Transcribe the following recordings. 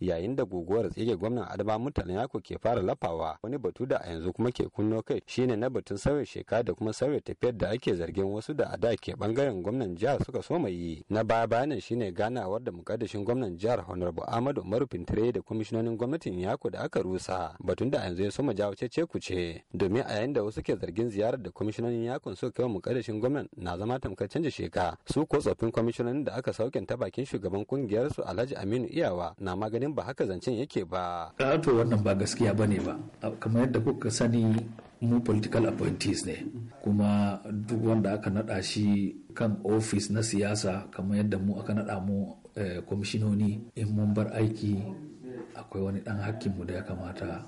yayin da guguwar tsige gwamnan adama mutane yako ke fara lafawa wani batu da a yanzu kuma ke kunno kai shine na batun sauya sheka da kuma sauya tafiyar da ake zargin wasu da a da ke bangaren gwamnan jihar suka soma yi na baya bayanan shine ganawar da mukaddashin gwamnan jihar honorable ahmadu umaru fintire da kwamishinonin gwamnatin yako da aka rusa batun da a yanzu ya soma jawo cece kuce domin a yayin da wasu ke zargin ziyarar da kwamishinonin yakon suka kai wa mukaddashin gwamnan na zama tamkar canja sheka su ko tsoffin kwamishinonin da aka saukin ta bakin shugaban kungiyar su alhaji aminu iyawa na maganin ganin ba haka zancen yake ba. to wannan ba gaskiya ba ne ba kamar yadda kuka sani mu political appointees ne kuma duk wanda aka naɗa shi kan ofis na siyasa kamar yadda mu aka naɗa mu eh, kwamishinoni in mun bar aiki akwai wani ɗan hakkinmu da ya kamata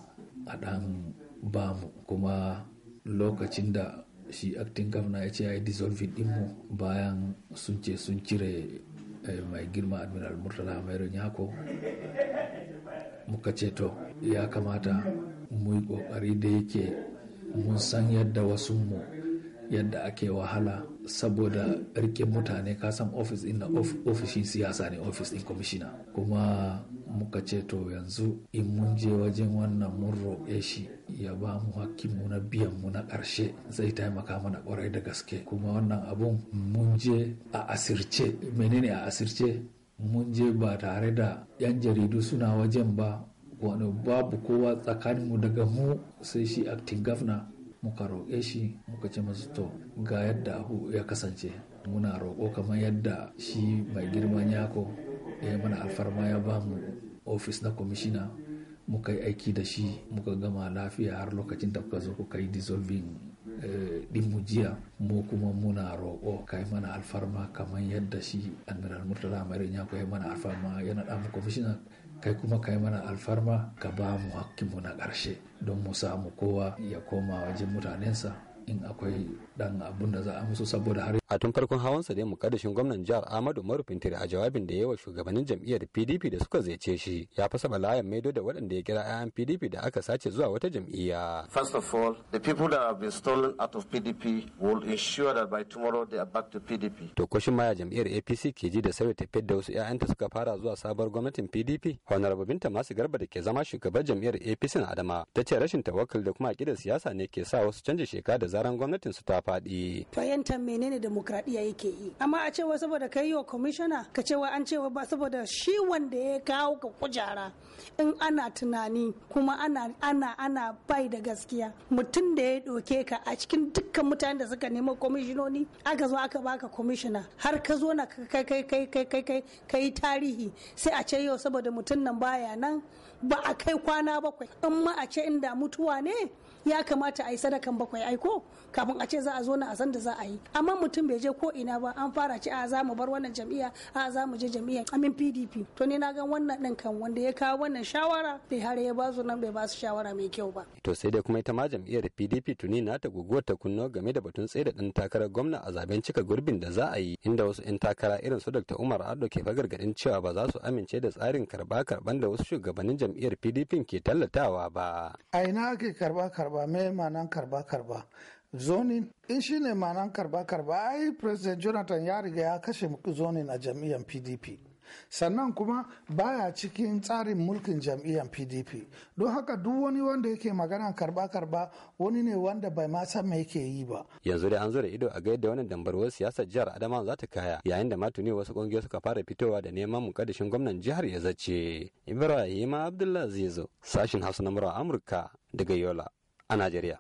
a ɗan ba mu kuma lokacin da shi acting governor ya ce ya yi dissolving mu bayan sun ce sun cire eh, mai girma admiral murtala mai yako muka ce to ya kamata mu yi ƙoƙari da yake mun san yadda wasu mu yadda ake wahala saboda rike mutane kasan ofis ɗin na ofishin siyasa ne ofis in kuma muka ce to yanzu in mun je wajen wannan mun roƙe shi ya ba mu mu na biyan mu na ƙarshe zai taimaka mana ƙwarai da gaske kuma wannan abun mun je a asirce menene a asirce mun je ba tare da 'yan jaridu suna wajen ba wani babu kowa tsakaninmu daga mu sai shi acting governor muka roƙe shi muka ce masu to ga yadda abu ya kasance muna roƙo kamar yadda shi mai girman yako ya mana alfarma ya ba mu ofis na kwamishina muka yi aiki da shi muka gama lafiya har lokacin da kuka zo kuka yi dissolving Eh, ɗinmu jiya mu kuma muna roƙo kai mana alfarma kamar yadda shi admiral murtala amarin ya kai mana alfarma yana ɗan kwamishina kai kuma kai mana alfarma ka ba mu hakkinmu na ƙarshe don mu samu kowa ya koma wajen mutanensa in akwai dan abun da za a musu saboda har a tun farkon hawan sa dai mukaddashin gwamnan jihar Ahmadu Marufin Tire a jawabin da yawa shugabannin jam'iyyar PDP da suka ziyarce shi ya fasa balayan maido da waɗanda ya kira 'ya'yan PDP da aka sace zuwa wata jam'iyya first of all the people that have been stolen out of PDP will ensure that by tomorrow they are back to PDP to maya jam'iyyar APC ke ji da sauya tafiyar da wasu 'ya'yanta suka fara zuwa sabuwar gwamnatin PDP honorable binta masu garba da ke zama shugabar jam'iyyar APC na Adama ta ce rashin tawakkal da kuma akidar siyasa ne ke sa wasu canja shekara da zaran gwamnatin su ta faɗi. To menene demokradiya yake yi? Amma a cewa saboda kai wa commissioner ka cewa an cewa ba saboda shi wanda ya kawo ka kujara in ana tunani kuma ana ana ana bai da gaskiya mutum da ya ɗauke ka a cikin dukkan mutanen da suka nema kwamishinoni aka zo aka baka kwamishina har ka zo na kai kai kai kai kai kai kai tarihi sai a ce yau saboda mutum nan baya nan ba a kai kwana bakwai in ma a ce inda mutuwa ne ya kamata a yi sadakan bakwai aiko kafin a ce za a zo na a san da za a yi amma mutum bai je ko ina ba an fara ce a za mu bar wannan jam'iyya a za mu je jam'iyyar amin pdp to ne na ga wannan din kan wanda ya kawo wannan shawara bai har ya ba su nan bai ba su shawara mai kyau ba to sai dai kuma ita ma jam'iyyar pdp tuni na ta guguwar ta kunno game da batun tsaye da ɗan takarar gwamna a zaben cika gurbin da za a yi inda wasu 'yan takara irin su dr umar ado ke fagargadin cewa ba za su amince da tsarin karba karban da wasu shugabannin jam'iyyar pdp ke tallatawa ba a ina ake karba karba me ma'anan karba karba zonin in shine ma'anan karba-karba ai president jonathan ya riga ya kashe zonin a jam'iyyar pdp sannan kuma baya cikin tsarin mulkin jam'iyyar pdp don haka duk wani wanda yake magana karba-karba wani ne wanda bai ma san me yake yi ba yanzu dai an zura ido a gaida wani dambarwar siyasar jihar adama za ta kaya yayin da matuni wasu kungiyoyi suka fara fitowa da neman mukaddashin gwamnan jihar ya zace ibrahim abdullah zizo sashin hausa na amurka daga yola a najeriya